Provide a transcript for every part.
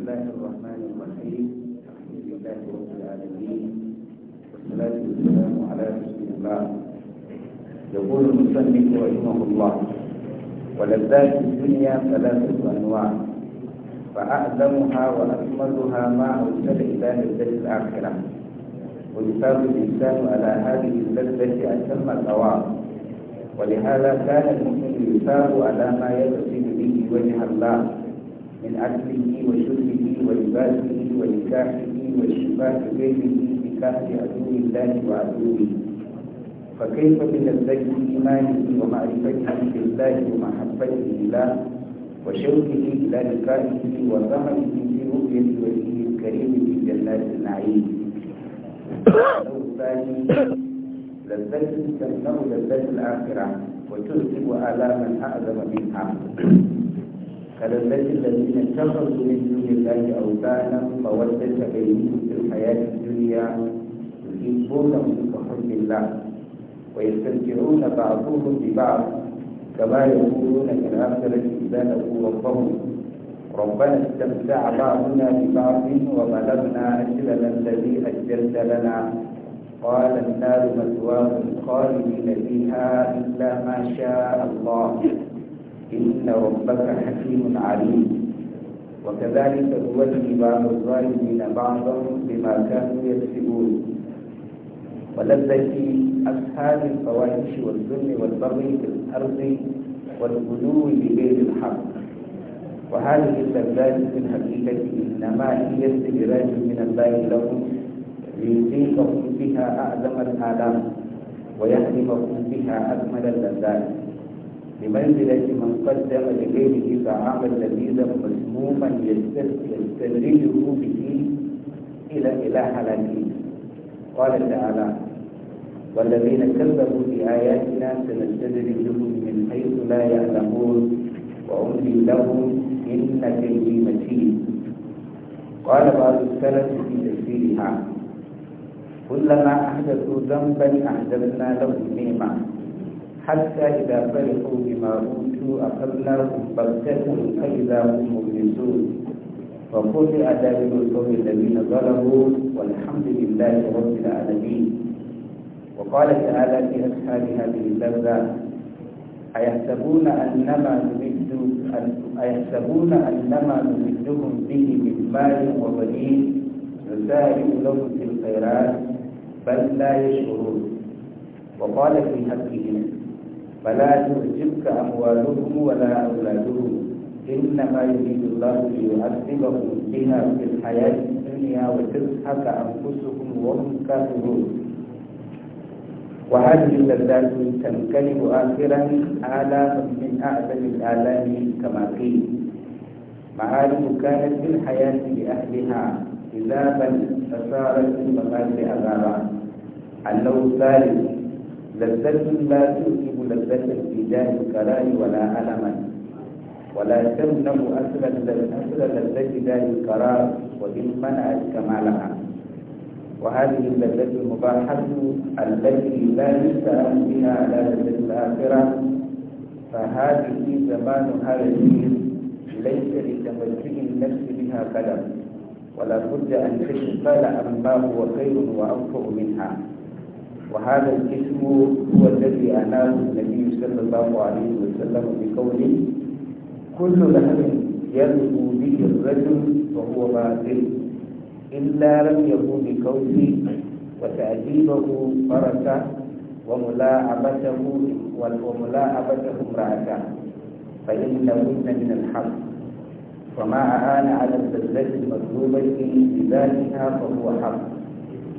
الله الرحمن الرحيم الحمد لله رب العالمين والصلاة والسلام على رسول الله يقول المصنف رحمه الله ولذات الدنيا ثلاثة أنواع فأعظمها وأكملها ما أرسل إلى لذة الآخرة ويثاب الإنسان على هذه اللذة أتم الثواب ولهذا كان المؤمن يثاب على ما يقصد به وجه الله من أكله وشربه ولباسه ونكاحه وشفاء بينه بكهف عدو الله وعدوه فكيف بلذة إيمانه ومعرفته بالله ومحبته لله وشوقه إلى لقائه وظهره في رؤية وجهه الكريم في جنات النعيم. الثاني لذة تمنع لذة الآخرة وتذهب آلاما أعظم منها فلذة الذين اتخذوا من دون الله أوثانا مودة بينهم في الحياة الدنيا يحبونهم كحب الله ويستمتعون بعضهم ببعض كما يقولون في الآخرة إذا ربهم ربنا استمتع بعضنا ببعض وبلغنا أجلنا الذي أجلت لنا قال النار مثواهم خالدين فيها إلا ما شاء الله إن ربك حكيم عليم وكذلك تولي بعض الظالمين بعضهم بما كانوا يكسبون ولذة أصحاب الفواحش والظلم والبغي في الأرض والغلو بغير الحق وهذه اللذات في الحقيقة إنما هي استدراج من الله لهم ليذيقهم بها أعظم الآلام ويحرمهم بها أكمل اللذات بمنزلة من قدم لغيره طعاما لذيذا مسموما يستدرجه به إلى إلى حلاله قال تعالى والذين كذبوا بآياتنا سنستدرجهم من حيث لا يعلمون وأملي لهم إن كيدي متين قال بعض السلف في تفسيرها كلما أحدثوا ذنبا أحدثنا لهم نعمة حتى إذا فرحوا بما أوتوا أخذناهم بغتة فإذا هم مبلسون وقل أداب القوم الذين ظلموا والحمد لله رب العالمين وقال تعالى في أصحاب هذه اللذة أيحسبون أنما نمد أيحسبون أنما نمدهم به من مال وبنين نسارع لهم في الخيرات بل لا يشعرون وقال في حقهم فلا تعجبك أموالهم ولا أولادهم إنما يريد الله ليعذبهم بها في الحياة الدنيا وتزهق أنفسهم وهم كافرون وهذه اللذات تنقلب آخرا آلاما من أعظم الآلام كما قيل معارف كانت في الحياة لأهلها عذابا فصارت في المقال عذابا النوع الثالث لذة لا تؤتي لذة بجاه الكلام ولا ألما ولا تمنع أصل لذة دار القرار وإن منعت كمالها وهذه اللذة المباحة التي لا يسأل بها على لذة الآخرة فهذه زمان هذا الدين ليس لتمتع النفس بها قدم ولا بد أن تشغل عما هو خير وأنفع منها وهذا الاسم هو الذي أناه النبي صلى الله عليه وسلم بقوله كل لحم يلقو به الرجل وهو باطل إلا لم يكن بقوله وتأديبه فرسا وملاعبته وملاعبته امرأته فإنهن من الحق وما أعان على البذلة المطلوبة بذاتها فهو حق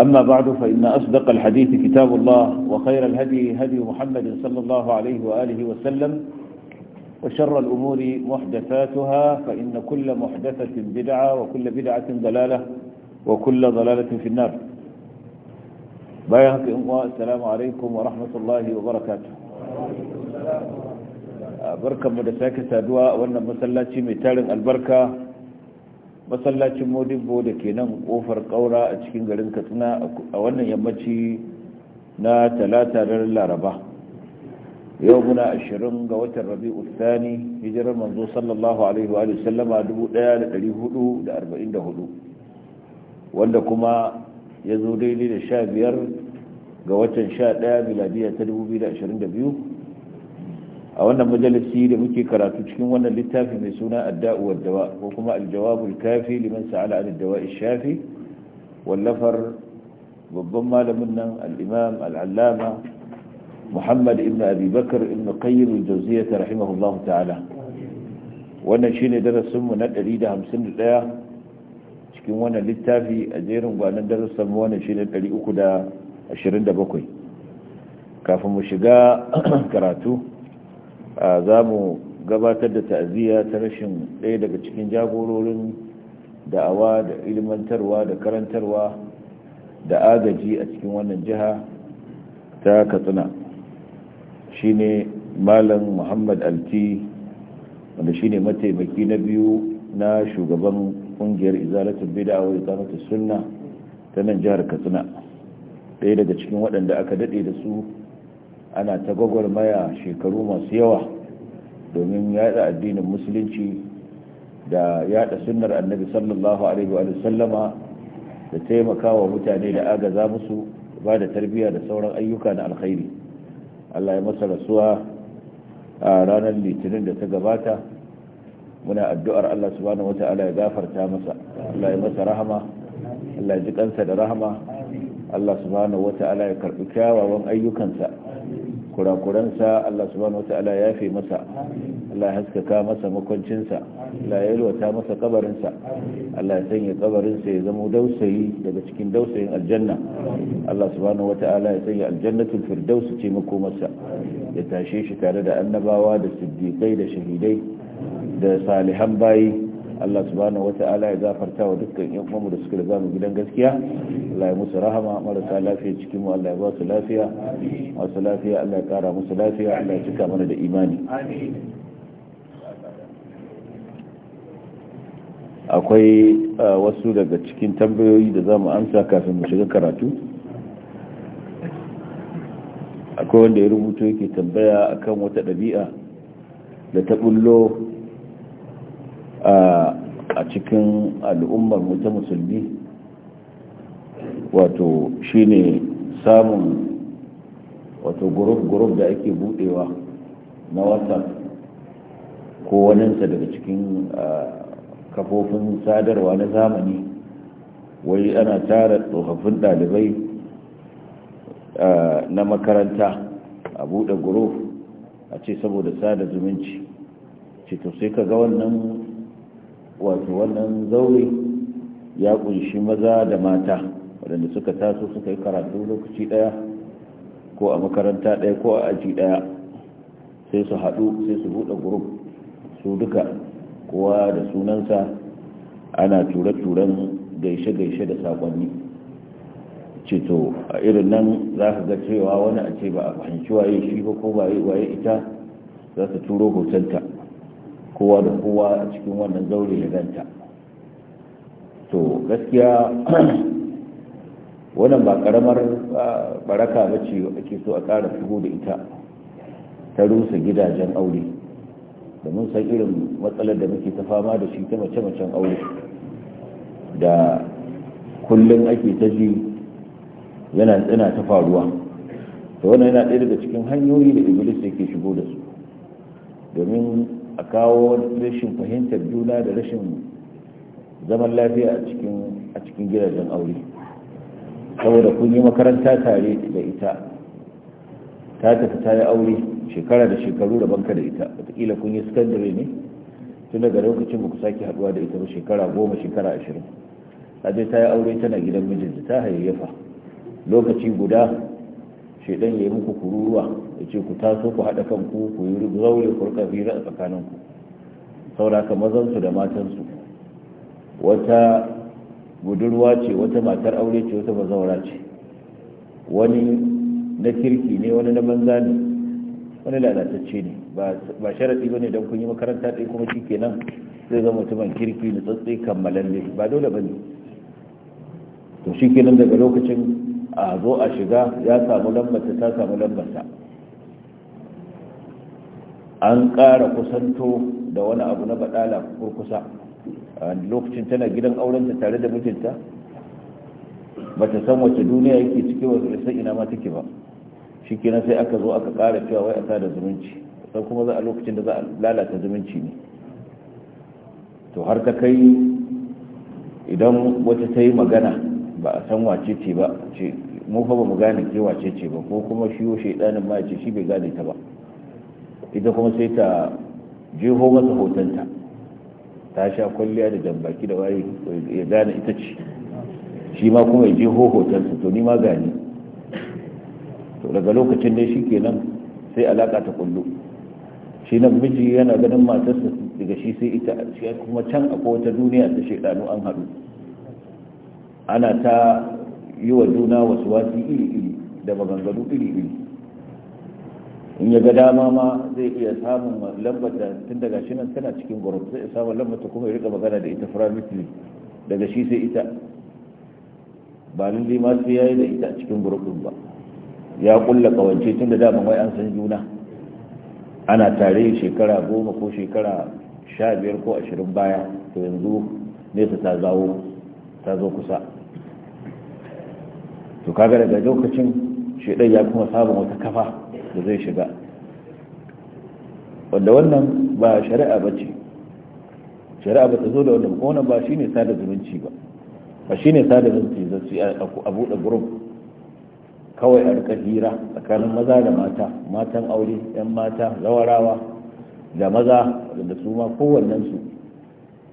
أما بعد فإن أصدق الحديث كتاب الله وخير الهدي هدي محمد صلى الله عليه وآله وسلم وشر الأمور محدثاتها فإن كل محدثة بدعة وكل بدعة ضلالة وكل ضلالة في النار بايعك السلام عليكم ورحمة الله وبركاته آه، بركة مدساكة سادواء وأن مسلاتي ميتال البركة masallacin modibbo da ke nan kofar kaura a cikin garin katsina a wannan yammaci na talata da laraba yau muna ashirin ga watan rabi'u thani hijirar manzo sallallahu alaihi wa sallama 1444 wanda kuma ya zo daidai da sha biyar ga watan sha daya ta 2022 a wannan majalisi da muke karatu cikin wannan littafi mai suna adda'u wa dawa ko kuma aljawabul kafi liman sa'ala an dawa wallafar babban malamin nan al-imam al-allama muhammad ibn abi bakr ibn qayyim al-jawziyyah rahimahullahu ta'ala wannan shine darasin mu na 151 cikin wannan littafi a jerin gwanan darasin mu wannan shine 327 kafin mu shiga karatu za mu gabatar da ta'aziyya ta rashin ɗaya daga cikin jagororin da'awa da ilmantarwa da karantarwa da agaji a cikin wannan jiha ta katsina shine malam muhammad alti wanda shine mataimaki na biyu na shugaban kungiyar bai bid'a wa iqamatus sunna ta nan jihar katsina ɗaya daga cikin waɗanda aka daɗe da su ana ta gwagwarmaya shekaru masu yawa domin yada addinin musulunci da yada sunnar annabi sallallahu alaihi wa sallama da taimakawa mutane da agaza musu ba da tarbiyya da sauran ayyuka na alkhairi Allah ya masa rasuwa a ranar litinin da ta gabata muna addu'ar Allah subhanahu wata'ala ya gafarta masa Allah ya masa rahama Allah ya ji kansa da rahama Allah subhanahu wata'ala ya karbi kyawawan ayyukansa kurakuransa Allah subhanahu wata'ala ya fi masa Allah ya haskaka masa makwancinsa Allah ya yalwata masa kabarinsa Allah ya sanya kabarinsa ya zama dausayi daga cikin dausayin aljanna Allah subhanahu wata'ala ya sanya aljannatul firdaus ce makomarsa ya tashe shi tare da annabawa da siddiqai da shahidai da salihan bayi Allah subhanahu wata'ala ya zafarta wa dukkan yan uwanmu da suka riga mu gidan gaskiya Allah ya musu rahama marasa lafiya cikin mu Allah ya ba su lafiya masu lafiya Allah ya kara musu lafiya Allah ya cika mana da imani akwai ah, wasu daga cikin tambayoyi da zamu amsa kafin mu shiga karatu akwai wanda ya rubuto yake tambaya akan wata ɗabi'a da ta bullo a cikin al'ummar mu musulmi wato shine samun wato guruf-guruf da ake budewa na whatsapp ko waninsa daga cikin kafofin sadarwa na zamani wai ana tara tsofaffin dalibai na makaranta a buɗe guruf a ce saboda sada zumunci ce to sai ka ga wannan wato wannan zaure ya kunshi maza da mata waɗanda suka taso suka yi karatu lokaci ɗaya ko a makaranta ɗaya ko a aji ɗaya sai su haɗu sai su buɗe gurup su duka kowa da sunansa ana tura turan gaishe-gaishe da sakonni ceto a irin nan za ka ga cewa wani a ce ba a fahimci waye shi ba ko waye ita za su turo hotonta kowa da kowa a cikin wannan zaure ya ganta to gaskiya wannan ba karamar baraka ba ce ake so a ƙara shigo da ita ta rusa gidajen aure da mun san irin matsalar da muke ta fama da shi ta mace-macen aure da kullum ake ta ji yana tsina ta faruwa to wannan yana ɗaya daga cikin hanyoyi da iblis yake shigo da su domin a kawo rashin fahimtar juna da rashin zaman lafiya a cikin gidajen aure saboda kun yi makaranta tare da ita ta tafi ta yi aure shekara da shekaru da banka da ita watakila kun yi sakandare ne tun daga lokacin ba ku sake haduwa da ita ba shekara goma shekara ashirin ta je ta yi aure tana gidan mijinta ta hayayyafa lokaci guda shaidan ya yi muku kururuwa ya ce ku taso ku haɗa kanku ku yi zaure ku rika hira a tsakaninku saboda sauraka mazansu da matansu wata budurwa ce wata matar aure ce wata bazaura ce wani na kirki ne wani na banza ne wani lalatacce ne ba sharaɗi ba ne don kun yi makaranta ɗaya kuma shi kenan zai zama mutumin kirki na tsatsai kammalalle ba dole ba ne to shi kenan daga lokacin a zo a shiga ya samu lambata ta samu lambata an kara kusanto da wani abu na baɗala kurkusa a lokacin tana gidan aurenta tare da mijinta ba ta san wace duniya yake cike wa zurisa ina ma take ba shi kenan sai aka zo aka kara cewa wai a da zumunci sai kuma za a lokacin da za a lalata zumunci ne to har ta kai idan wata ta yi magana ba a san wace ce ba ce mu fa ba mu gane ke wace ce ba ko kuma shi yo shaidanin ma ce shi bai gane ta ba ita kuma sai ta jeho masa hotonta ta sha kwalliya da jambaki da waye ya gane ita ce shi ma kuma ya jeho hotonsa to ni ma gani to daga lokacin dai shi kenan sai alaka ta kullu shi na miji yana ganin matarsa daga shi sai ita kuma can akwai wata duniya ta shaidanu an haɗu ana ta yi wa juna wasu wasi iri-iri da maganganu iri-iri in ya ga dama ma zai iya samun lambar da tun daga shi nan tana cikin gwarar zai iya samun lambar ta kuma ya rika magana da ita firamitli daga shi sai ita ba nan ma sai ya yi da ita a cikin gwarar ba ya kulla kawance tun da dama wai an san juna ana tare shekara goma ko shekara sha biyar ko ashirin baya to yanzu nesa ta zawo ta zo kusa to kaga daga lokacin shaidan ya kuma sabon wata kafa da zai shiga wanda wannan ba shari'a ba ce shari'a ba ta zo da wanda wannan ba shi ne sada zumunci ba ba shi ne sada zumunci za su a buɗe gurum kawai a rika hira tsakanin maza da mata matan aure yan mata zawarawa da maza da su ma kowannensu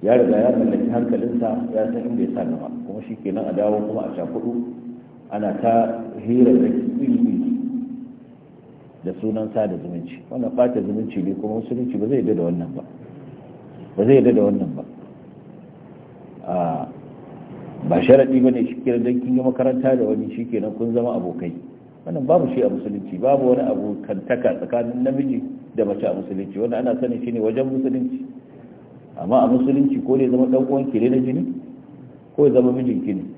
ya riga ya mallaki hankalinsa ya san inda ya sa gaba kuma shi kenan a dawo kuma a sha kudu ana ta hira da iri da sunan sada zumunci wannan bata zumunci ne kuma musulunci ba zai yadda da wannan ba ba zai yadda da wannan ba ba sharaɗi ba ne shi kira don kin yi makaranta da wani shi kenan kun zama abokai wannan babu shi a musulunci babu wani abokantaka tsakanin namiji da mace a musulunci wanda ana sani shi ne wajen musulunci amma a musulunci ko ne zama ɗan uwanki ne na jini ko ya zama ki ne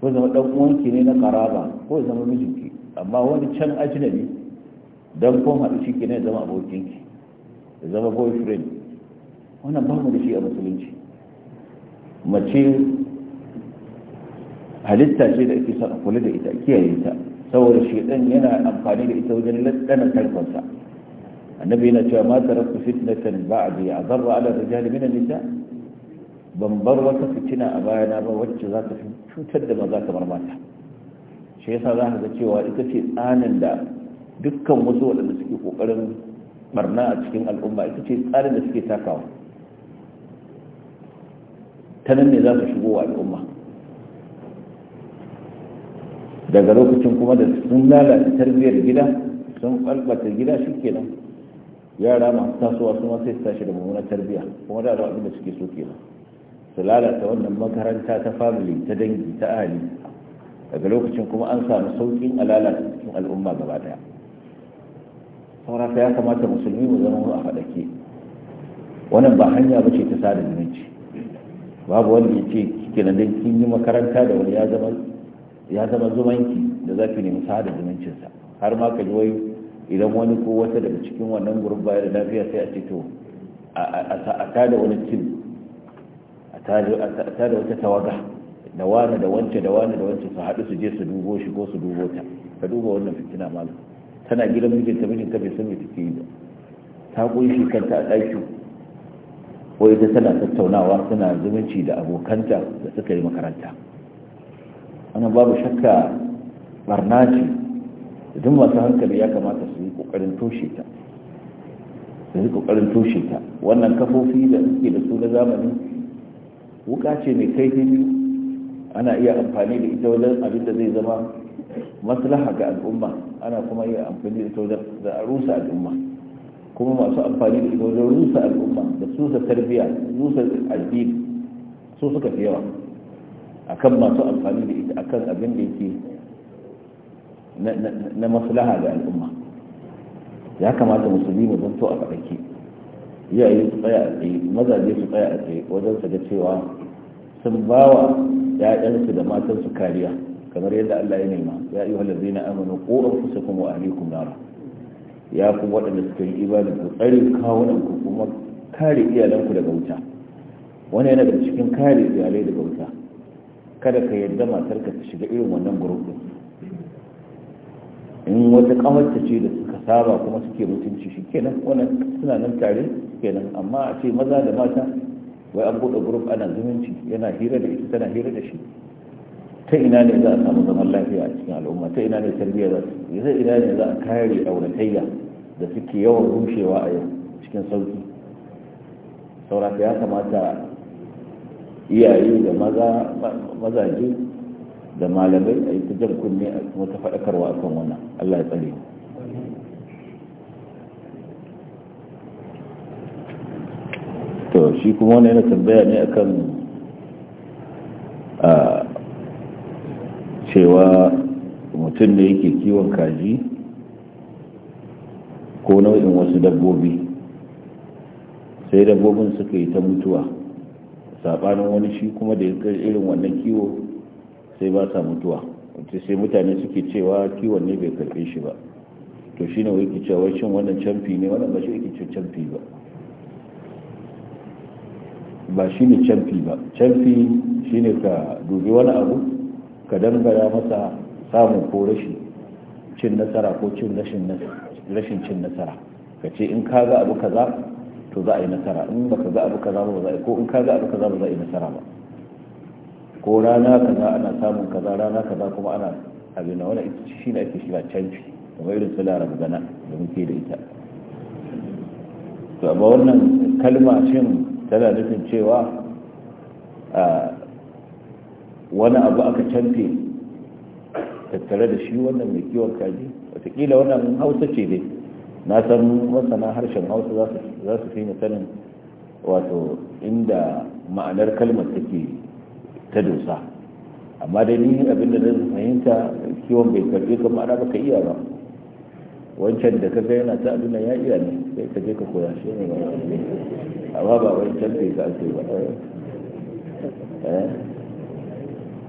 ko zama dan uwanki ne na karaba ko zama mijinki amma wani can ajnabi dan kun haɗu shi ne zama abokinki ya zama boyfriend wannan ba mu da shi a musulunci mace halitta ce da ake son a kula da ita kiyaye ta saboda shedan yana amfani da ita wajen lantsana tarkonsa annabi yana cewa ma taraktu fitnatan ba'di adarra ala rijali min an-nisa' ban bar wata fitina a bayana ba wacce za ta cutar da maza kamar mata shi yasa za ka ga cewa ita ce tsanin da dukkan wasu waɗanda suke ƙoƙarin barna a cikin al'umma ita ce tsarin da suke takawa ta nan ne za su shigo wa al'umma daga lokacin kuma da sun lalata tarbiyyar gida sun ɓalɓata gida shi kenan yara masu tasowa su ma sai su tashi da mummunar tarbiyya kuma da abin da suke so kenan su lalata wannan makaranta ta family ta dangi ta ahali daga lokacin kuma an samu saukin a cikin al'umma gaba daya sauraka ya kamata musulmi mu zama a faɗake wannan ba hanya ba ce ta sada zumunci babu wanda ya ce kike na dan kin yi makaranta da wani ya zama zumanki da za ki nemi sada zumuncinsa har ma ka ji wai idan wani ko wata daga cikin wannan gurin baya da lafiya sai a ce to a tada wani tim Ta da wata tawaga da wani da wance da wani da wance su haɗu su je su dubo shi ko su dubo ta ka duba wannan fitina malam tana gidan mijinta mijin bai san me tafi yi ba ta kunshi kanta a ɗaki ko ita tana tattaunawa tana zumunci da abokanta da suka yi makaranta ana babu shakka barna ce duk masu hankali ya kamata su yi ƙoƙarin toshe ta su yi toshe ta wannan kafofi da suke da su na zamani wuka ce mai kaifin biyu ana iya amfani da ita wajen abin da zai zama maslaha ga al'umma ana kuma iya amfani da ita wajen da a rusa al'umma kuma masu amfani da ita wajen rusa al'umma da susa da tarbiyya rusa addini su suka fi yawa akan masu amfani da ita akan abin da yake na maslaha ga al'umma ya kamata musulmi mu zanto a faɗake iyaye su tsaya a tsaye mazaje su tsaya a tsaye wajen su ga cewa sun ba wa ‘ya'yansu da matansu kariya kamar yadda Allah ya nema ya yi halazi na amina ko an kusa kuma wa alaikum nara ya fi waɗanda suka yi ibadin ku tsarin kawunan ku kuma kare iyalanku daga wuta wani yana da cikin kare iyalai daga wuta kada ka yadda matarka ta shiga irin wannan gurbin in wata kamarta ce da suka saba kuma suke mutunci shi kenan wannan suna nan tare kenan amma a ce maza da mata wai an buɗe grup ana zumunci yana hira da ita tana hira da shi ta ina ne za a samu zaman lafiya a cikin al'umma ta ina ne tarbiyya za su ta ina ne za a kare auratayya da suke yawan rushewa a yau cikin sauki saurata ya kamata iyaye da maza mazaje da malamai a yi ta kunne a kuma ta faɗakarwa a kan wannan allah ya tsare to shi kuma wani yana tambaya ne akan cewa mutum da yake kiwon kaji ko nau'in wasu dabbobi sai dabbobin suka yi ta mutuwa saɓanin wani shi kuma da ya irin wannan kiwo sai ba sa mutuwa wace sai mutane suke cewa kiwon ne bai karbe shi ba to shi ne wiki cewa shin wannan camfi ne wannan ba shi wiki ce camfi ba ba shi ne camfi ba camfi shi ne ka dubi wani abu ka dangara masa samun ko rashi cin nasara ko cin rashin cin nasara ka ce in ka ga abu kaza to za a yi nasara in ba ka ga abu kaza ba za a yi ko in ka ga abu kaza ba za a yi nasara ba ko rana kaza ana samun kaza rana kaza kuma ana abin na wani ita shi ne ake shiga canfi kuma irin su laraba gana da muke da ita to amma wannan kalma shin tana nufin cewa wani abu aka canfe tattare da shi wannan mai kiwon kaji watakila wannan hausa ce dai na san masana harshen hausa za su fi sanin wato inda ma'anar kalmar take ta dosa amma dai ni abinda zan fahimta kiwon bai karbe ka ma'ana ka iya ba wancan da ka gaya yana ta abin ya iya ne sai ka je ka koya shi ne amma ba wancan bai ka ake ba eh?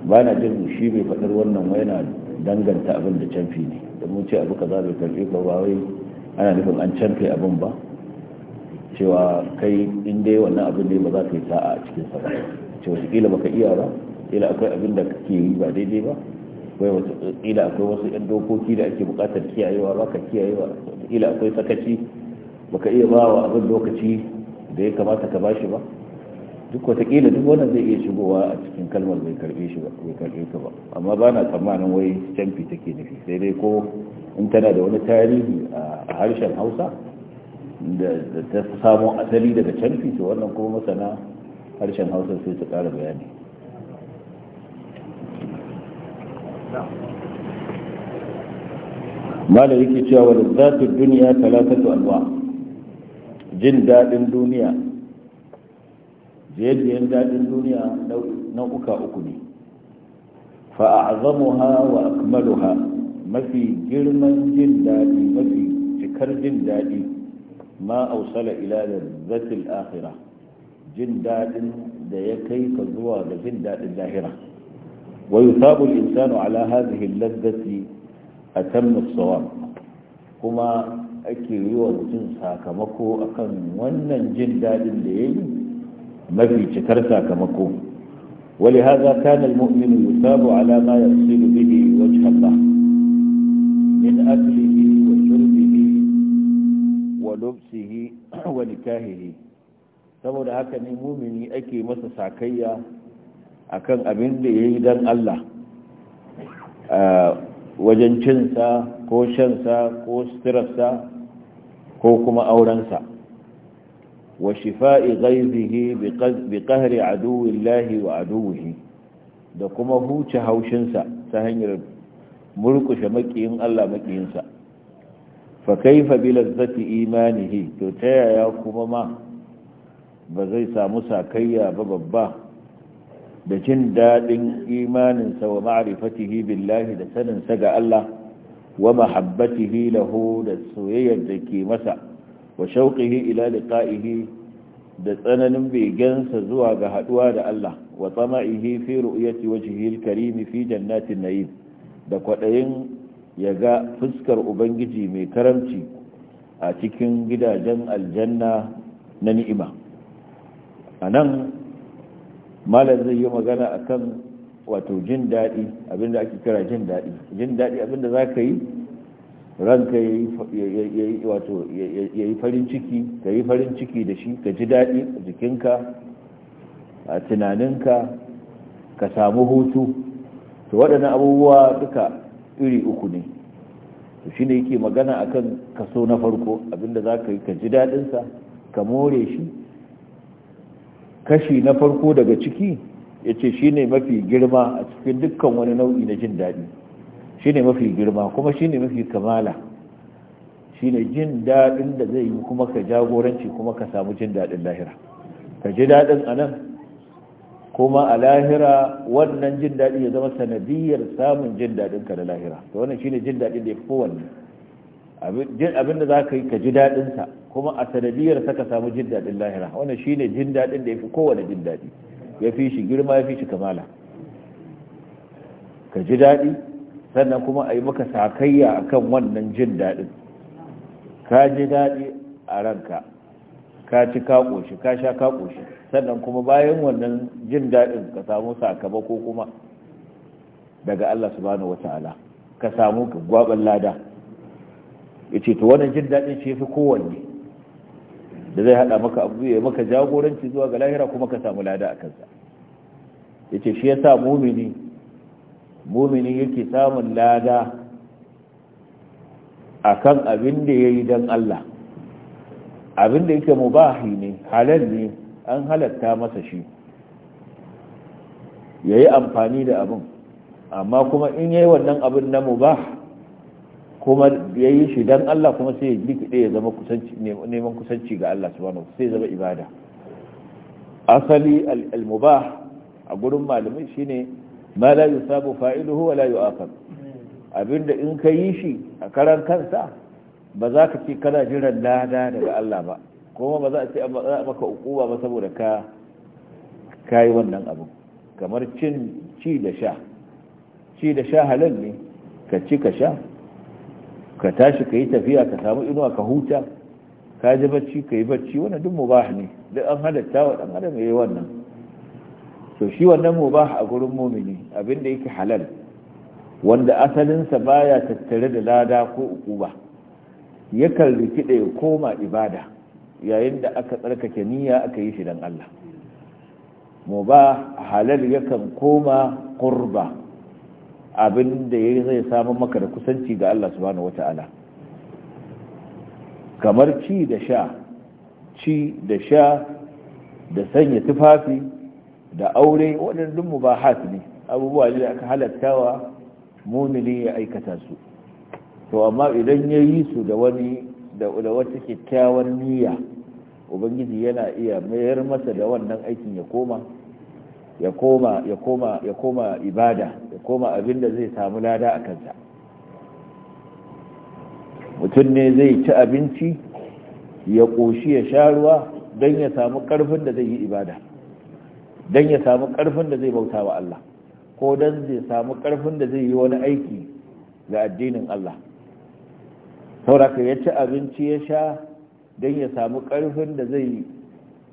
ba na jin shi bai faɗar wannan wai yana danganta abin da canfi ne da mun ce abu kaza bai karbe ka ba wai ana nufin an canfe abin ba cewa kai in dai wannan abin ne ba za ka yi sa'a a cikin sa ba ce wataƙila maka iya ba ila akwai abin da kake yi ba daidai ba akwai akwai wasu yan dokoki da ake buƙatar kiyayewa ba ka kiyayewa kila akwai sakaci baka iya ba wa abin lokaci da ya kamata ka bashi ba duk kila duk wannan zai iya shigowa a cikin kalmar bai karbe shi ba bai karbe ka ba amma ba na tsammanin wai canfi take nufi sai dai ko in tana da wani tarihi a harshen hausa da ta samo asali daga canfi to wannan kuma masana harshen hausa sai su ƙara bayani mala yake cewa wadda zatu duniya talatatu alwa jin daɗin duniya jiyayyen daɗin duniya uka uku ne fa'azamuha wa akmaluha mafi girman jin daɗi mafi cikar jin daɗi ma ausala ila da zafin akhirah جن داد ليكيك الزواج جن داد الظاهرة ويثاب الإنسان على هذه اللذة أتم الصواب كما أكي وزن ساكمكو أكن ونن جن داد ليه ما في شكر ساكمكو ولهذا كان المؤمن يثاب على ما يصل به وجه الله من أكله وشربه ولبسه ونكاهه saboda haka ne mumini ake masa sakayya akan abin da ya yi don Allah wajen cinsa ko shansa ko suturarsa ko kuma aurensa wa shifa'i ghaizihi bi qahri aduwillahi wa aduwihi da kuma huce haushinsa ta hanyar murkushe makiyin Allah makiyinsa fa kaifa bi lazzati imanihi to ta yaya kuma ma ba zai samu sakayya ba babba da jin daɗin imaninsa wa ma'arifatihi billahi da saninsa ga Allah wa mahabbatihi lahu da soyayyar da ke masa wa shauƙihi ila liqa'ihi da tsananin begensa zuwa ga haɗuwa da Allah wa tsama'ihi fi ru'yati wajhihi al-karim fi jannatin na'im da kwaɗayin ya ga fuskar ubangiji mai karamci a cikin gidajen aljanna na ni'ima a nan malar zai yi magana a kan wato jin daɗi abinda ake kira jin daɗi jin daɗi abinda za ka yi ranka ya yi farin ciki ka yi farin ciki da shi ka ji daɗi a jikinka a tunaninka ka samu hutu to waɗannan abubuwa duka iri uku ne to shi ne yake magana akan kaso na farko abinda za ka yi ka ji daɗinsa ka more shi kashi na farko daga ciki ya ce shi ne mafi girma a cikin dukkan wani nau'i na jin daɗi shi ne mafi girma kuma shi ne mafi kamala shi ne jin daɗin da zai yi kuma ka jagoranci kuma ka samu jin daɗin lahira ka ji daɗin a nan kuma a lahira wannan jin daɗi ya zama sanadiyar samun jin daɗin ka da lahira to wannan shi ne jin daɗin da ya fi kowanne abin da za ka yi ka ji daɗinsa kuma a sanadiyar sa ka samu jin daɗin lahira wannan shine jin daɗin da ya fi kowane jin daɗi ya fi shi girma ya fi shi kamala ka ji daɗi sannan kuma a yi maka sakayya a kan wannan jin daɗin ka ji daɗi a ranka ka ci ka ƙoshi ka sha ka ƙoshi sannan kuma bayan wannan jin daɗin ka samu sakamako kuma daga Allah subhanahu ka samu gwabin lada ya ce to wannan jin daɗin shi ya fi kowanne da zai haɗa maka abu ya maka jagoranci zuwa ga lahira kuma ka samu lada a kansa ya ce shi ya sa mumini mumini yake samun lada a kan abin da ya yi don Allah abin da yake mubahi ne halal ne an halatta masa shi ya yi amfani da abin amma kuma in yayi wannan abin na mubah kuma ya yi shi don Allah kuma sai ya likide ya zama neman kusanci ga Allah subhanahu sai zama ibada asali al-mubah a gurin malamai shine ma la yusabu fa'iluhu wa la yu'aqab abinda in ka yi shi a karan kansa ba za ka ce kana jiran lada daga Allah ba kuma ba za a ce maka ukuwa ba saboda ka yi wannan abu kamar cin ci da sha ci da sha halal ne ka ci ka sha ka tashi ka yi tafiya ka samu inuwa ka huta ka ji bacci ka yi bacci wannan duk mubah ne duk an halatta wa ɗan adam yayi wannan to shi wannan mubah a gurin mumini abin da yake halal wanda asalinsa baya tattare da lada ko ukuba yakan rikide ya koma ibada yayin da aka tsarkake niyya aka yi shi don Allah mubah halal yakan koma qurba abin da ya zai samun maka da kusanci ga Allah subhanahu wata'ala kamar ci da sha ci da sha da sanya tufafi da aure waɗannan ba mubahat ne abubuwa ne da aka wa mumini ya aikata su to amma idan ya yi su da wani da wata kyakkyawar niyya ubangiji yana iya mayar masa da wannan aikin ya koma ya koma ya koma ya koma ibada ya koma abin da zai samu lada a kansa mutum ne zai ci abinci ya ƙoshi ya sha ruwa don ya samu ƙarfin da zai yi ibada don ya samu ƙarfin da zai bauta wa Allah ko don zai samu ƙarfin da zai yi wani aiki ga addinin Allah sauraka ya ci abinci ya sha don ya samu ƙarfin da zai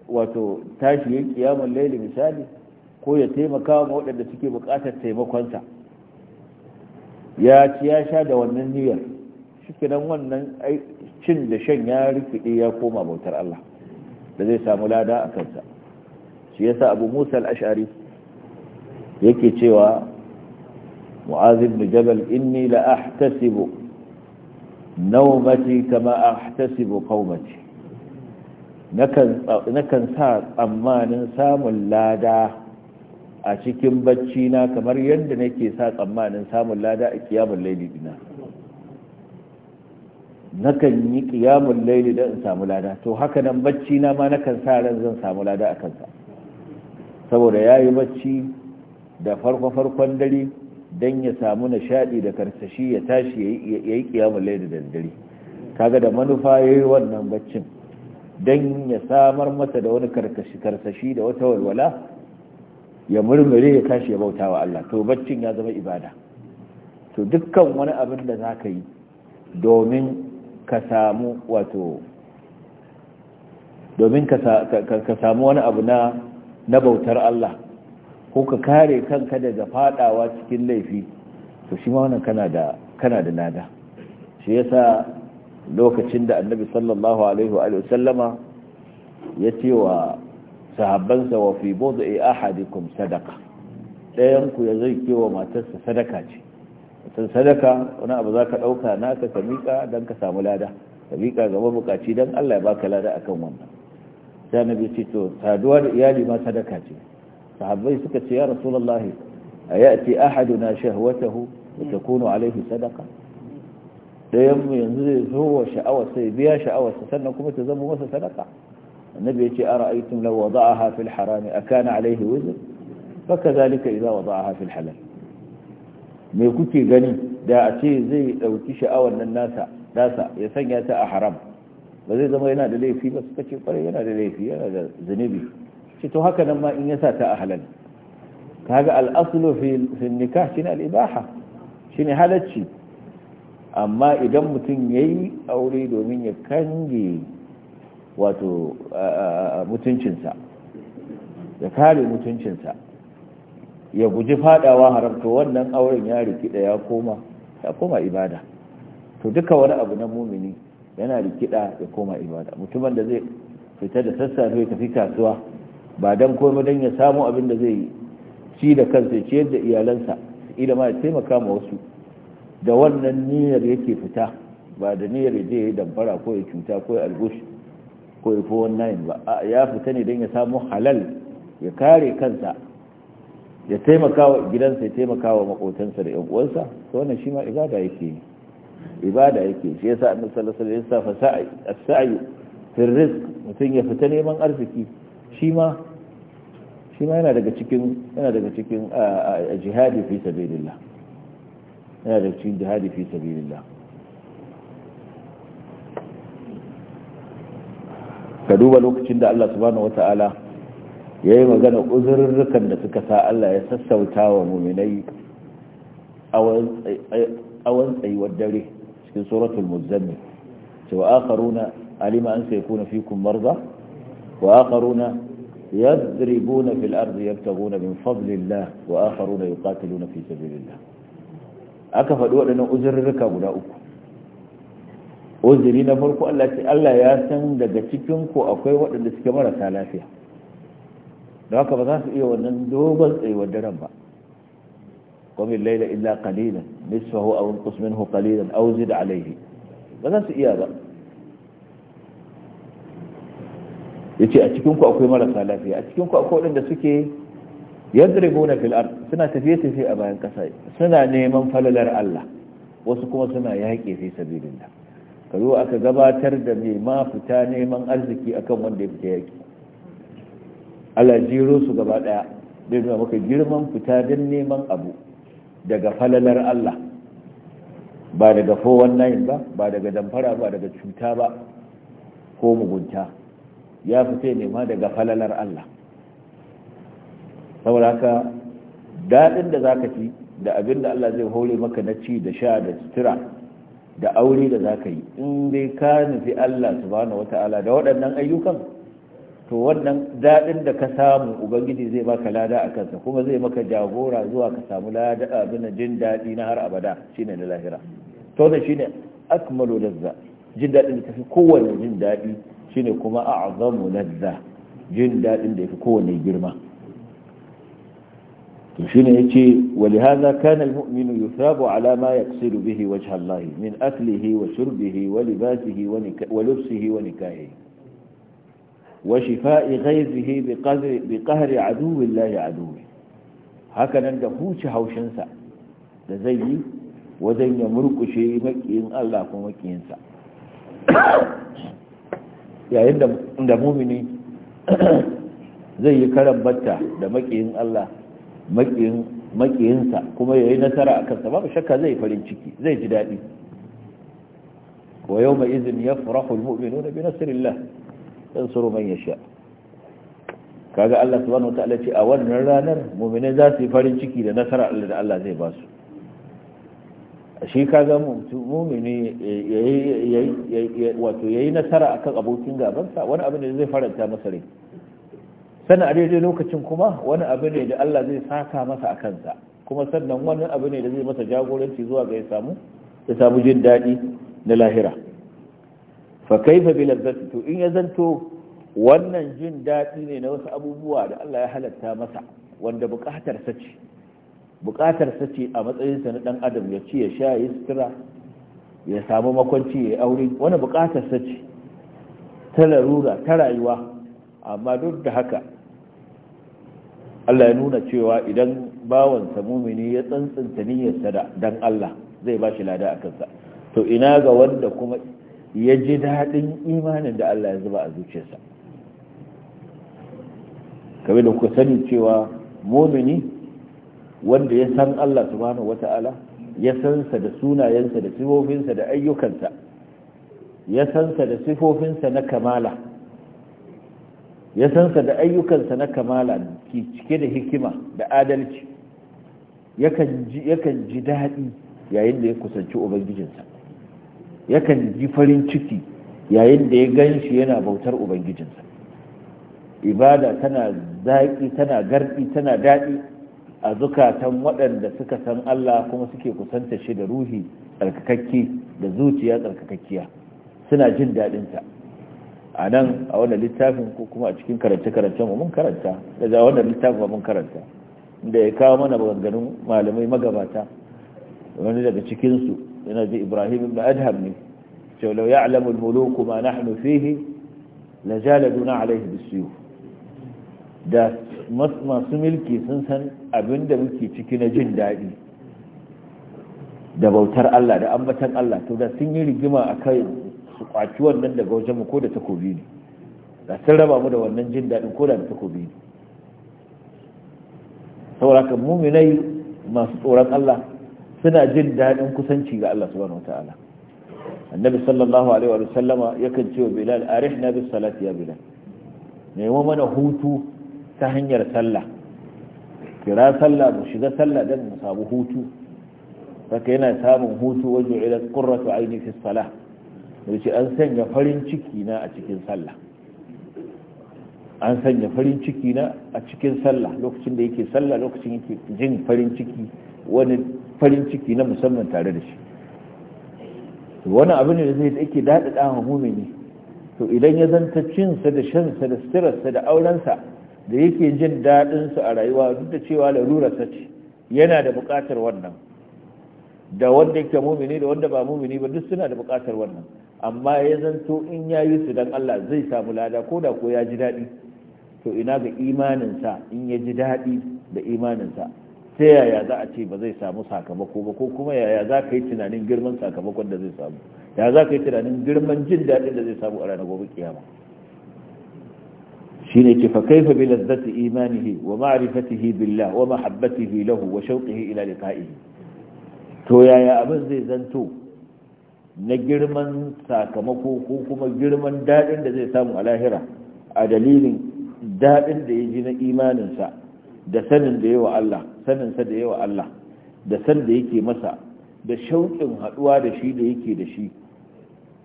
wato tashi yin kiyamun laili misali ko ya taimaka wa waɗanda suke buƙatar taimakonsa ya ci ya sha da wannan niyyar shikinan wannan cin da shan ya rikide ya koma bautar Allah da zai samu lada a kansa shi yasa abu musa al-ash'ari yake cewa mu'az ibn jabal inni la ahtasibu nawmati kama ahtasibu qaumati nakan nakan sa tsammanin samun lada a cikin bacci na kamar yadda nake sa tsammanin samun lada a kiyamun laili dina nakan yi kiyamun laili don in samu lada to haka nan bacci na ma nakan sa ran zan samu lada a kansa saboda ya yi bacci da farko-farkon dare don ya samu nishaɗi da karsashi ya tashi ya yi kiyamun laili da dare kaga da manufa ya yi wannan baccin don ya samar masa da wani karsashi da wata walwala ya murmure ya tashi ya bauta wa Allah to baccin ya zama ibada to dukkan wani abin da za ka yi domin ka samu wato domin ka samu wani abu na na bautar Allah ko ka kare kanka daga fadawa cikin laifi to shi ma wannan kana da kana da nada shi yasa lokacin da annabi sallallahu alaihi wa sallama ya ce wa sahabbansa wa fi bud'i ahadikum sadaqa dayan ku ya zai kewa matarsa sadaka ce wata sadaka wani abu zaka ɗauka naka ka mika dan ka samu lada ka ga gaba bukaci dan Allah ya baka lada akan wannan sai nabi ce to saduwa da iyali ma sadaka ce sahabbai suka ce ya rasulullahi ayati ahaduna shahwatahu wa takunu alaihi sadaqa dayan mu yanzu zai zo wa sha'awa sai biya sha'awarsa sannan kuma ta zama masa sadaka النبي يتي أرأيتم لو وضعها في الحرام أكان عليه وزر فكذلك إذا وضعها في الحلال me kuke gani da a ce zai ɗauki sha'awar na nasa nasa ya sanya ta a haram ba zai zama yana da laifi ba suka ce kwarai yana da laifi yana da zunubi ce to haka ma in ya sa ta a halal kaga al'aslu fi nikah shine al'ibaha shine halacci amma idan mutum yayi aure domin ya kange wato mutuncinsa ya kare mutuncinsa ya guji fadawa haramta wannan auren ya rikida ya koma ya koma ibada to duka wani abu na mumini yana rikida ya koma ibada mutumin da zai fita da sassafe tafi kasuwa ba dan komai don ya samu abin da zai ci da kansa ya ciyar da iyalansa ila ma ya taimaka ma wasu da wannan niyyar yake fita ba da niyyar ya je ya dambara ko ya cuta ko ya algushi ko ya fi ba ya fita ne don ya samu halal ya kare kansa ya taimaka wa gidansa ya taimaka wa makotansa da yankuwansa ta wannan shi ma ibada yake ne ibada yake shi ya sa sallallahu alaihi ya safa a sayu fi mutum ya fita neman arziki shi ma shi ma yana daga cikin yana daga cikin jihadi fi sabilillah yana daga cikin jihadi fi sabilillah ka duba lokacin da Allah subhanahu wata'ala ya yi magana uzurrukan da suka sa Allah ya sassauta wa muminai awon tsayuwar dare cikin suratul muzammil cewa akharuna alima an sai kuna fikun marza wa akharuna yadribuna fil ardi yabtaguna min fadlillah wa akharuna yuqatiluna fi sabilillah aka faɗi waɗannan uzurrukan guda uku uzuri na farko Allah ce Allah ya san daga cikinku akwai waɗanda suke marasa lafiya da haka ba za su iya wannan dogon tsayuwar daren ba Laila illa قم الليل إلا قليلا نصفه أو انقص منه قليلا أو زد عليه بذلك إيابة yace a cikinku akwai marasa lafiya a cikinku akwai waɗanda suke yadribuna fil ard suna tafiye tafiye a bayan ƙasa suna neman falalar Allah wasu kuma suna yaƙe fi sabilillah ka zo aka gabatar da mai ma fita neman arziki akan wanda ya fita yaki Allah jiro su gaba daya da nuna maka girman fita don neman abu daga falalar Allah ba daga 419 ba ba daga damfara ba daga cuta ba ko mugunta ya fita nema daga falalar Allah saboda haka daɗin da za ka ci da abin da Allah zai hore maka na ci da sha da sutura da aure da za ka yi in dai ka nufi Allah subhanahu wata'ala da waɗannan ayyukan to wannan daɗin da ka samu ubangiji zai maka lada a kansa kuma zai maka jagora zuwa ka samu lada abin jin daɗi na har abada shine na lahira to da shine akmalu lazza jin daɗin da tafi kowane jin daɗi shine kuma a'zamu ladza jin daɗin da yafi kowane girma to shine yace walihaza kana almu'minu yuthabu ala ma yaqsidu bihi wajha Allah min aklihi wa shurbihi wa libasihi wa lubsihi wa nikahihi wa shifa'i ghayzihi biqadri biqahri aduwwi Allah aduwwi haka nan da huce haushinsa da zai yi wajen ya murkushe makiyin Allah ko makiyinsa yayin da mumini zai yi karan batta da makiyin Allah makiyinsa kuma ya yi nasara a kansa babu shakka zai farin ciki zai ji daɗi wa yau mai izin ya farahu mu'minu da bi nasirillah dan suru man yasha kaga Allah subhanahu wataala ce a wannan ranar mu'mini za su yi farin ciki da nasara Allah da Allah zai ba su shi kaga mu'mini yayi wato yayi nasara akan abokin gabansa wani abin da zai faranta masa rai sannan a daidai lokacin kuma wani abu ne da Allah zai saka masa a kansa kuma sannan wani abu ne da zai masa jagoranci zuwa ga ya samu ya samu jin daɗi na lahira fa kaifa bi lazzati to in ya zanto wannan jin daɗi ne na wasu abubuwa da Allah ya halatta masa wanda buƙatar sa ce buƙatar sa ce a matsayin sa na dan adam ya ci ya sha ya sutura ya samu makwanci ya aure wani buƙatar sa ce ta larura ta rayuwa amma duk da haka Allah ya nuna cewa idan bawansa mumini ya tsantsanta niyyarsa da dan Allah zai ba shi lada a kansa to ina ga wanda kuma ya ji daɗin imanin da Allah ya zuba a zuciyarsa kamar da kuka sani cewa mumini wanda ya san Allah subhanahu wata'ala ya sansa da sunayensa da sifofinsa da ayyukansa ya sansa da sifofinsa na kamala ya sansa da ayyukansa na kamala ki cike da hikima da adalci yakan ji daɗi yayin da ya kusanci ubangijinsa yakan ji farin ciki yayin da ya ganshi yana bautar ubangijinsa ibada tana zaƙi tana garɗi tana daɗi a zukatan waɗanda suka san Allah kuma suke kusanta shi da ruhi tsarkakakke da zuciya tsarkakakkiya suna jin daɗinta a nan a wannan littafin ko kuma a cikin karance-karance mu mun karanta da za wannan littafin mun karanta inda ya kawo mana maganganun malamai magabata wani daga cikinsu yana ji ibrahim ibn adham ne cewa lau ya'lamu al-muluku ma nahnu fihi la da masu milki sun san abin da muke ciki na jin daɗi da bautar Allah da ambatan Allah to da sun yi rigima a kai kwaci wannan daga wajen mu ko da takobi ne da sun raba mu da wannan jin daɗin ko da takobi ne saboda kan muminai masu tsoron Allah suna jin daɗin kusanci ga Allah subhanahu wataala annabi sallallahu alaihi wa sallama yakan ce wa bilal arihna bis salati ya bilal nemo mana hutu ta hanyar sallah kira sallah mu shiga sallah dan mu samu hutu saka yana samun hutu wajen ila qurratu aini fi salah yace an sanya farin ciki na a cikin sallah an sanya farin ciki na a cikin sallah lokacin da yake sallah lokacin yake jin farin ciki wani farin ciki na musamman tare da shi wani abu ne da zai yake daɗaɗa wa mumini to idan ya zanta cinsa da shansa da sitirarsa da aurensa da yake jin daɗinsa a rayuwa duk da cewa larurarsa ce yana da buƙatar wannan da wanda yake mumini da wanda ba mumini ba duk suna da buƙatar wannan amma ya zanto in ya yi su dan Allah zai samu lada ko da ko ya ji daɗi to ina ga imaninsa in ya ji daɗi da imaninsa ta yaya za a ce ba zai samu sakamako ba ko kuma yaya za ka yi tunanin girman sakamakon da zai samu ya za ka yi tunanin girman jin daɗin da zai samu a ranar gobe kiyama shi ne ce fa kaifa bi lazzati imanihi wa ma'rifatihi billah wa mahabbatihi lahu wa shauqihi ila liqa'ihi to yaya abin zai zanto na girman sakamako ko kuma girman daɗin da zai samu a lahira a dalilin daɗin da ya ji na imaninsa da sanin da yawa Allah saninsa da yawa Allah da san da yake masa da shauƙin haɗuwa da shi da yake da shi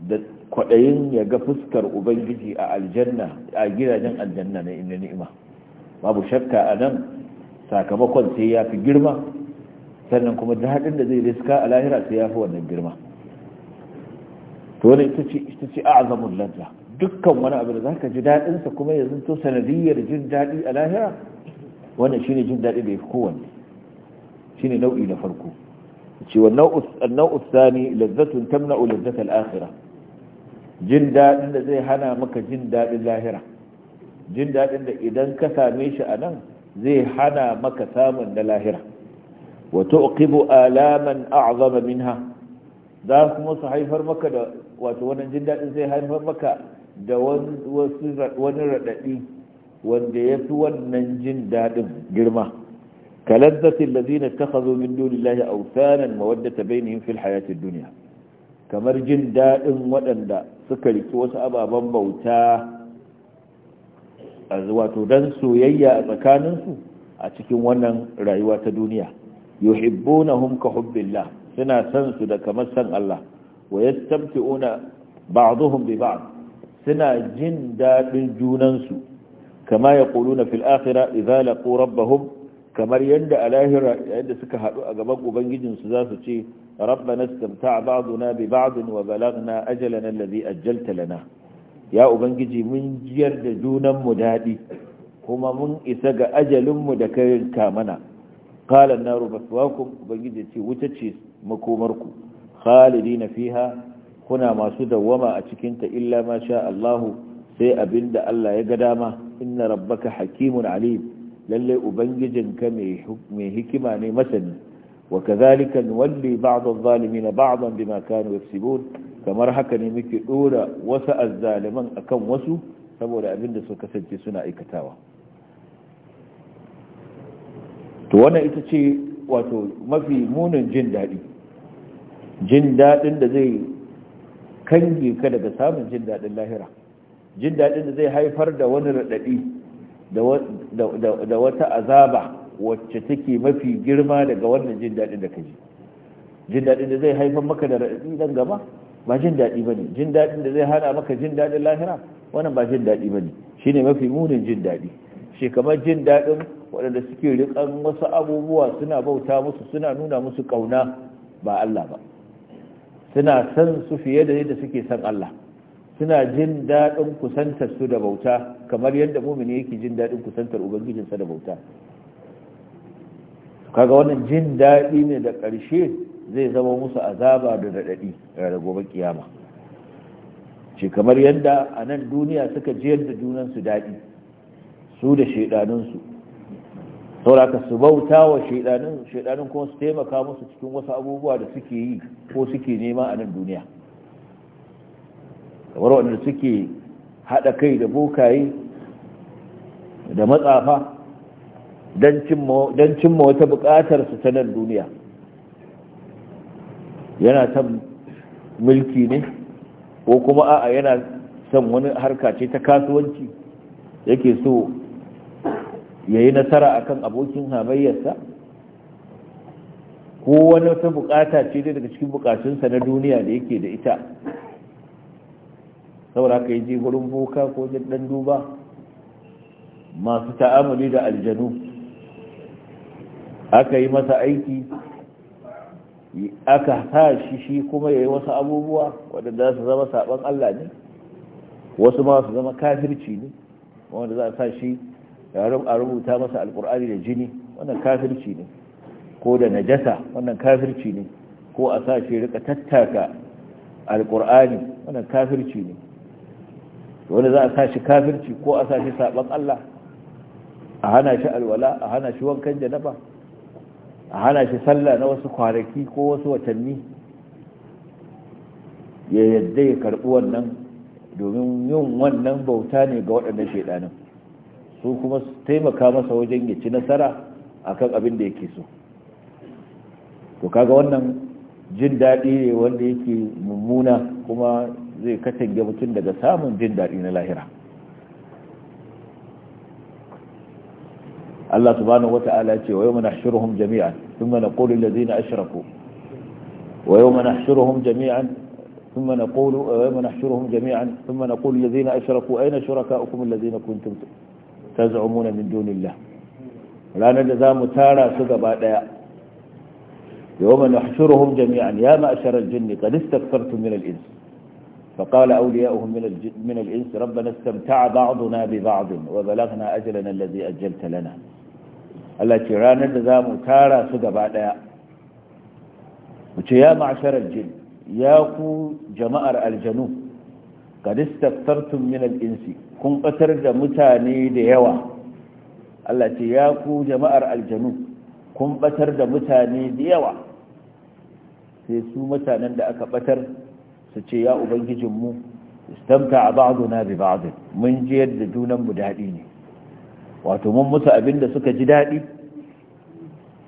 da kwaɗayin ya ga fuskar ubangiji a aljanna a gidajen aljanna na inda ni'ima babu shakka a nan sakamakon sai ya fi girma sannan kuma daɗin da zai riska a lahira sai ya fi wannan girma to ita ce a'azamun lanta dukkan wani abu da za ka ji daɗinsa kuma ya zanto sanadiyyar jin daɗi a lahira wannan shi ne jin daɗi da ya fi kowanne shi ne nau'i na farko ce wa nau'u sani lazzatun tamna'u lazzatal akhirah jin daɗin da zai hana maka jin daɗin lahira jin daɗin da idan ka same shi a nan zai hana maka samun na lahira wa tuqibu alaman a'zama minha za kuma su haifar maka da wato wannan jin dadin zai haifar maka da wani raɗaɗi wanda yafi wannan jin daɗin girma kalazzatil ladina ittakhadhu min dunillahi awthanan mawaddata bainahum fil hayatid duniya kamar jin daɗin waɗanda suka riki wasu ababen bauta wato dan soyayya a tsakaninsu a cikin wannan rayuwa ta duniya yuhibbunahum ka hubbillah suna san su da kamar san Allah wa yastamti'una ba'dhum bi ba'd suna jin dadin junan su kama yaquluna fil akhirah idza laqu rabbahum kamar yadda Alahira lahira yadda suka haɗu a gaban ubangijinsu zasu ce rabbana istamta'a ba'duna bi ba'din wa balagna ajalana allazi ajjalta lana ya ubangiji mun jiyar da junan mu daɗi kuma mun isa ga ajalin mu da kai mana qala na naru maswaakum ubangiji ce wuta ce makomarku khalidina fiha kuna masu dawwama a cikin ta illa ma sha sai abinda Allah ya ga dama inna rabbaka hakimun alim lalle ubangijinka mai hikima ne masani wa kadhalika nuwalli ba'd adh-dhalimin ba'dan bima kanu yaksibun kamar haka ne muke dora wasu azzaliman akan wasu saboda abinda suka kasance suna aikatawa to wannan ita ce wato mafi munin jin daɗi jin daɗin da zai kange ka daga samun jin daɗin lahira jin daɗin da zai haifar da wani raɗaɗi da wata azaba wacce take mafi girma daga wannan jin daɗin da ka ji jin daɗin da zai haifar maka da raɗaɗi nan gaba ba jin daɗi ba ne jin daɗin da zai hana maka jin daɗin lahira wannan ba jin daɗi ba ne shi ne mafi munin jin daɗi shi kamar jin daɗin waɗanda suke riƙan wasu abubuwa suna bauta musu suna nuna musu ƙauna ba Allah ba suna san su fiye da yadda suke san Allah suna jin daɗin kusantar su da bauta kamar yadda mumini yake jin daɗin kusantar ubangijinsa da bauta kaga wannan jin daɗi ne da ƙarshe zai zama musu azaba da raɗaɗi da gobe kiyama ce kamar yadda a nan duniya suka jiyar da junansu daɗi su da shaidanunsu saboda ka su bauta wa shaidanin kuma su taimaka musu cikin wasu abubuwa da suke yi ko suke nema a nan duniya kamar waɗanda suke haɗa kai da bokaye da matsafa don cimma wata buƙatar su ta nan duniya yana son mulki ne ko kuma a'a yana son wani harkace ta kasuwanci yake so ya yi nasara a kan abokin hamayyarsa ko wani wata bukata ce daga cikin bukatunsa na duniya da yake da ita saboda ka yi je gurin boka ko dan duba masu ta'amali da aljanu aka yi masa aiki aka sa shi shi kuma ya yi wasu abubuwa waɗanda su zama sabon Allah ne wasu ma su zama kafirci ne wanda za a sa shi a rubuta masa alkur'ani da jini wannan kafirci ne ko da najasa wannan kafirci ne ko a sa shi rika tattaka alkur'ani wannan kafirci ne wanda za a sa shi kafirci ko a sa shi sabon Allah a hana shi alwala a hana shi wankan janaba a hana shi sallah na wasu kwanaki ko wasu watanni ya yadda ya karɓi wannan domin yin wannan bauta ne ga waɗannan shaidanin su kuma su taimaka masa wajen ya ci nasara a kan abin da yake so to kaga wannan jin daɗi ne wanda yake mummuna kuma zai katange mutum daga samun jin daɗi na lahira Allah subhanahu wata'ala ce wa yau mana shiruhun jami'an sun mana ƙoli da zai na ashiraku wa yau mana shiruhun jami'an ثم نقول ويوم نحشرهم جميعا ثم نقول الذين أشركوا أين شركاؤكم الذين كنتم تزعمون من دون الله لأن الذين متارا سقبا ديا يوم نحشرهم جميعا يا مأشر الجن قد استكثرتم من الإنس فقال أولياؤهم من, من الإنس ربنا استمتع بعضنا ببعض وبلغنا أجلنا الذي أجلت لنا التي تيران الذين متارا سقبا ديا وكي يا معشر الجن يا قو جماء الجنوب kadistaktartum min al kun batar da mutane da yawa Allah ce ya ku jama'ar aljanu kun batar da mutane da yawa sai su mutanen da aka batar su ce ya ubangijinmu istamta na bi ba'd mun ji yadda junan mu ne wato mun musu abinda suka ji daɗi?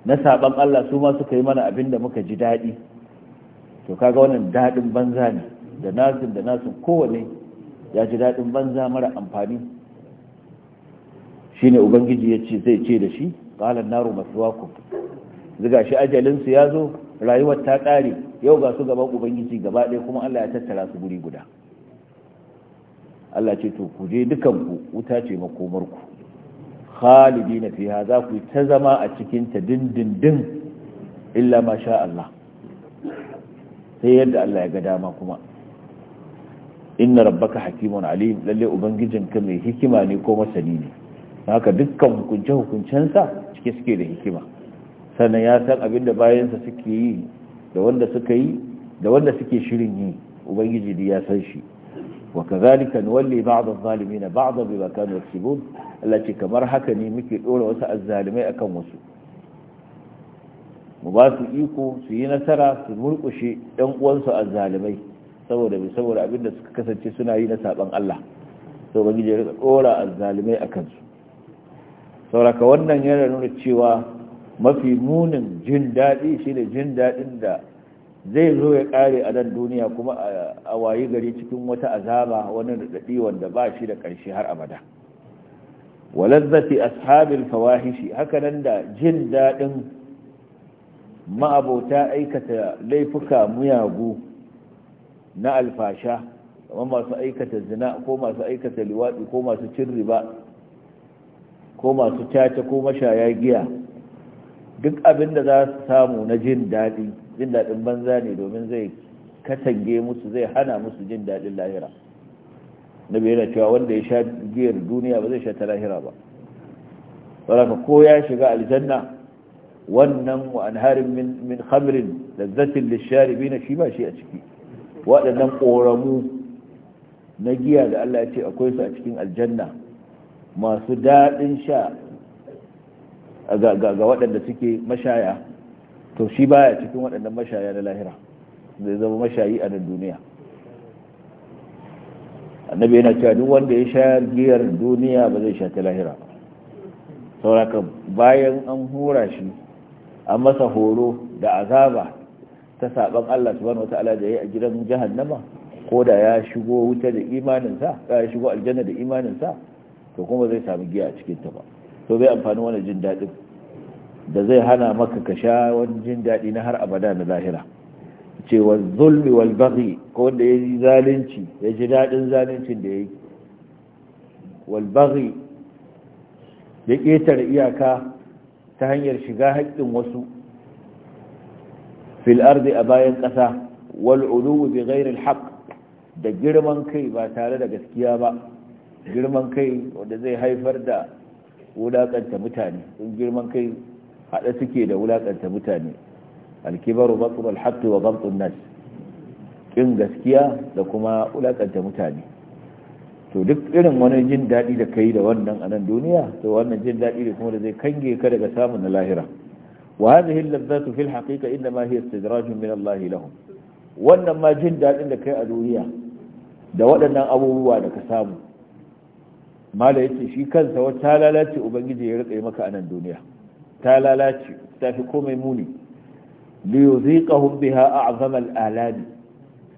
na saɓan Allah su ma suka yi mana abinda muka ji daɗi? to kaga wannan daɗin banza ne da nasin da nasin kowane ya ji daɗin banza mara amfani shine ubangiji ya ce zai ce da shi ƙalan naro wakon ziga shi ajalinsu ya zo rayuwar ta ƙare yau ga su gaba ubangiji gaba ɗaya kuma allah ya tattara su guri guda allah ce to ku je dukanku wuta ce makomarku khalidi na fiha za ku yi ta zama a cikin ta dindindin illa masha allah sai yadda allah ya ga dama kuma inna rabbaka hakimun alim lalle ubangijinka mai hikima ne ko masani ne haka dukkan hukunce hukuncensa cike suke da hikima sannan ya san abin da bayansa suke yi da wanda suka yi da wanda suke shirin yi ubangiji da ya san shi wa kazalika nuwalli ba'd adh-dhalimin ba'd bima kanu yaksubun Allah ce kamar haka ne muke dora wasu azzalimai akan wasu mu ba su iko su yi nasara su murkushe ɗan uwansu azzalimai saboda bi saboda da suka kasance suna yi na saban Allah to ba ya a dora azzalimai akan su sauraka wannan yana nuna cewa mafi munin jin daɗi shine jin daɗin da zai zo ya ƙare a nan duniya kuma a wayi gari cikin wata azaba wani daɗi wanda ba shi da ƙarshe har abada walazzati ashabil fawahishi haka nan da jin daɗin ma'abota aikata laifuka muyagu na alfasha kamar masu aikata zina ko masu aikata liwaɗi ko masu cin riba ko masu caca ko mashaya giya duk abin da za su samu na jin daɗi jin daɗin banza ne domin zai katange musu zai hana musu jin daɗin lahira na yana cewa wanda ya sha giyar duniya ba zai sha ta lahira ba saraka ko ya shiga aljanna wannan wa anharin min khamrin lazzatin lishari bina shi ba shi a ciki waɗannan ƙoramu na giya da Allah ya ce akwai su a cikin aljanna masu daɗin sha ga waɗanda suke mashaya to shi baya cikin waɗannan mashaya na lahira zai zama mashayi a nan duniya annabi yana cewa duk wanda ya sha giyar duniya ba zai sha ta lahira sauraka bayan an hura shi a masa horo da azaba ta saban Allah subhanahu wata'ala da yayi a gidan jahannama ko da ya shigo wuta da imanin ya shigo aljanna da imanin sa to kuma zai samu giya a cikin ta ba to bai amfani wani jin dadin da zai hana maka ka sha wani jin dadi na har abada na zahira, ce wa zulmi wal baghi ko wanda yayi zalunci ya ji dadin zaluncin da yayi wal baghi da ƙetare iyaka ta hanyar shiga haƙƙin wasu fil ardi a bayan ƙasa wal uluwi bi ghairil haqq da girman kai ba tare da gaskiya ba girman kai wanda zai haifar da wulakanta mutane in girman kai haɗa suke da wulakanta mutane alkibaru batsum haɗu wa ghamtun nas kin gaskiya da kuma wulakanta mutane to duk irin wani jin daɗi da kai da wannan a nan duniya to wannan jin daɗi da kuma da zai kange ka daga samun na lahira وهذه اللذات في الحقيقة إنما هي استدراج من الله لهم wannan ma jin daɗin da kai a duniya da waɗannan abubuwa da ka samu mala shi kansa wata lalace ubangiji ya rika maka a nan duniya ta lalace ta fi komai muni liyuziqahum biha a'zama al'alami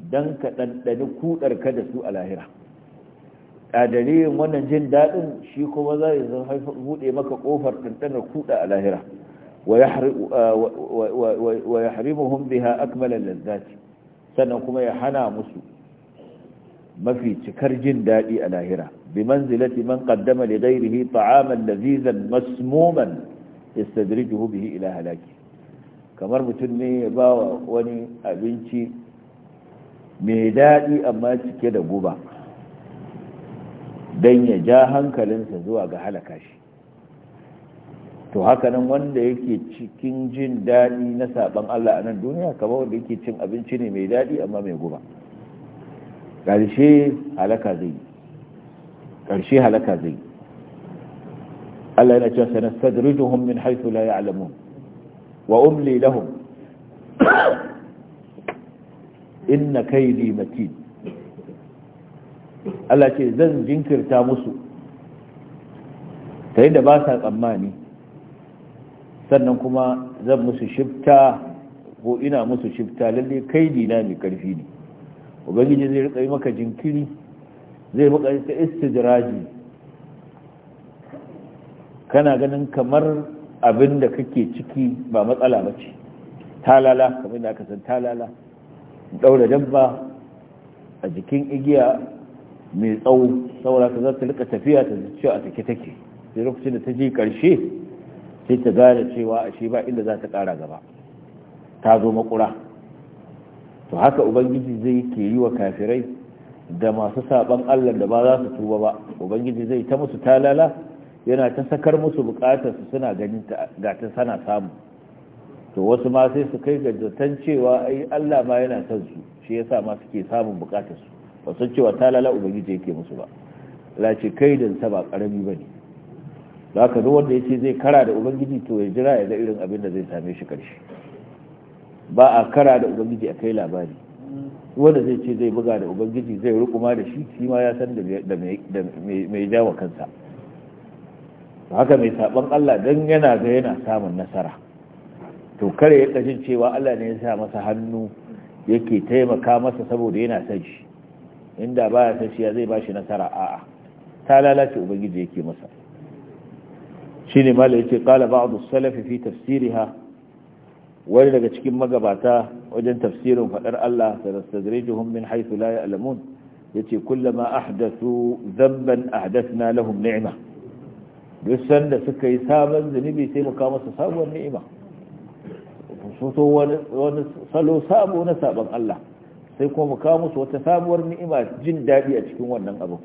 dan ka ɗanɗani kuɗar ka da su a lahira a dalilin wannan jin daɗin shi kuma za ya buɗe maka ƙofar ɗanɗanar kuɗa a lahira wa yahrimuhum biha akmalal lazzati sannan kuma ya hana musu mafi cikar jin daɗi a lahira bi manzilati man qaddama li ghayrihi ta'aman lazizan masmuman yastadrijuhu bihi ila halaki kamar mutum ne ya ba wa wani abinci mai daɗi amma cike da guba don ya ja hankalinsa zuwa ga halaka shi to hakanan wanda yake cikin jin daɗi na saban Allah a nan duniya kamar wanda yake cin abinci ne mai daɗi amma mai guba ƙarshe halaka zai yi ƙarshe halaka zai yi Allah yana cewa sanastadrijuhum min haythu la ya'lamun wa umli lahum inna kaydi matin Allah ce zan jinkirta musu ta yadda ba sa tsammani sannan kuma zan musu shifta ko ina musu shifta lalle kai dina mai karfi ne ubangiji zai rika yi maka jinkiri zai maka yi istijiraji kana ganin kamar abin da kake ciki ba matsala ba ce talala kamar da aka san talala daura dabba a jikin igiya mai tsawo saboda ka za ta rika tafiya ta zuciya a take take sai lokacin da ta je karshe sai ta gane cewa ashe shi ba inda za ta kara gaba ta zo makura to haka ubangiji zai ke yi wa kafirai da masu saban allah da ba za su tuba ba ubangiji zai ta musu talala yana ta sakar musu bukatar su suna ganin ga ta sana samu to wasu ma sai su kai ga cewa ai allah ma yana son su shi ya sa ma suke samun bukatar su ba san cewa talala ubangiji yake musu ba lace kai da ta ba karami bane da ka duk wanda ya ce zai kara da ubangiji to ya jira ya ga irin abin da zai same shi karshe ba a kara da ubangiji a kai labari wanda zai ce zai buga da ubangiji zai rukuma da shi shi ma ya san da mai jawa kansa haka mai saban Allah dan yana ga yana samun nasara to kare ya kashin cewa Allah ne ya sa masa hannu yake taimaka masa saboda yana san shi inda ba ya san shi ya zai ba shi nasara a'a ta lalace ubangiji yake masa shine malai ce kala ba'du salafi fi tafsiriha wani daga cikin magabata wajen tafsirin fadar Allah sanastadrijuhum min haythu la ya'lamun yace kullama ahdathu dhanban ahdathna lahum ni'ma duk sanda suka yi sabon zunubi sai mu kawo masa sabuwar ni'ima so wani salo sabo na sabon Allah sai kuma mu kawo musu wata sabuwar ni'ima jin daɗi a cikin wannan abu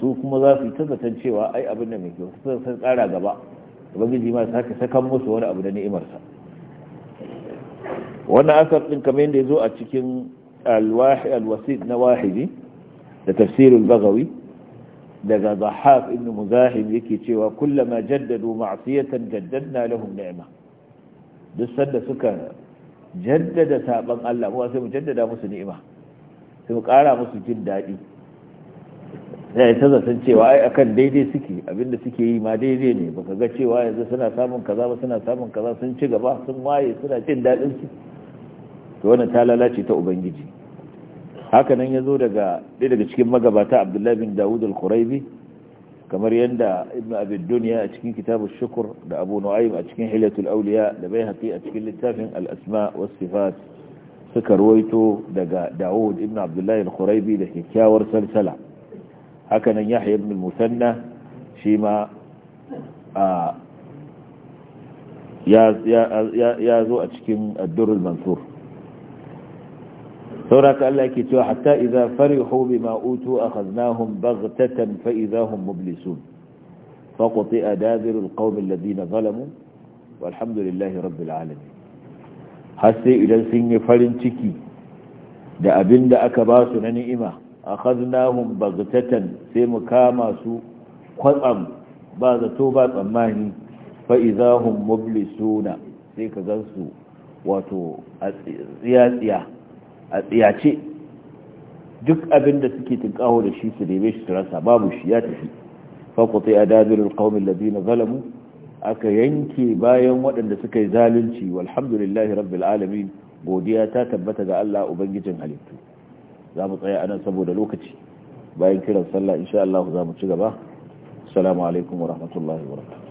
su kuma za su yi cewa ai abin da mai kyau su sun tsara gaba ubangiji ma sake sakan musu wani abu da ni'imarsa wannan asar din kamar yadda ya zo a cikin alwahi alwasid na wahidi da tafsirul bagawi daga zahaf ibn muzahim yake cewa kullama jaddadu ma'siyatan jaddadna lahum ni'ma duk sanda suka jaddada saban Allah mu sai mu jaddada musu ni'ima sai mu kara musu jin daɗi yana ta zaton cewa ai akan daidai suke abinda suke yi ma daidai ne baka ga cewa yanzu suna samun kaza ba suna samun kaza sun ci gaba sun waye suna jin daɗin su to wannan ta lalace ta ubangiji haka nan zo daga ɗaya daga cikin magabata Abdullahi bin Dawud al-Quraibi kamar yadda Ibn Abi Dunya a cikin Kitabul shukur da Abu Nu'aym a cikin Hilatul Awliya da Baihaqi a cikin littafin Al-Asma was Sifat suka ruwaito daga Dawud ibn Abdullahi al-Quraibi da kyakkyawar salsala haka nan yahya ibn musanna shi ma ya zo a cikin addurul mansur sauraka Allah yake cewa hatta iza fari bima utu a baghtatan fa idahum mublisun فقطئ a القوم الذين ظلموا والحمد لله رب العالمين har sai idan sun yi farin ciki da abin da aka ba su na ni'ima akhadnahum baghtatan sai mu kama su kwatsam ba zato ba tsammani fa idahum mublisuna sai ka gansu wato a tsiya a tsiyace duk abin da suke tunkaho da shi su neme shi rasa babu shi ya tafi faƙuta ya dabirin ƙaumin labina zalamu aka yanke bayan waɗanda suka yi zalunci walhamdulillahi rabbil alamin godiya ta tabbata ga Allah ubangijin halittu za mu tsaya anan saboda lokaci bayan kiran sallah insha Allah za mu ci gaba assalamu alaikum wa rahmatullahi wa barakatuh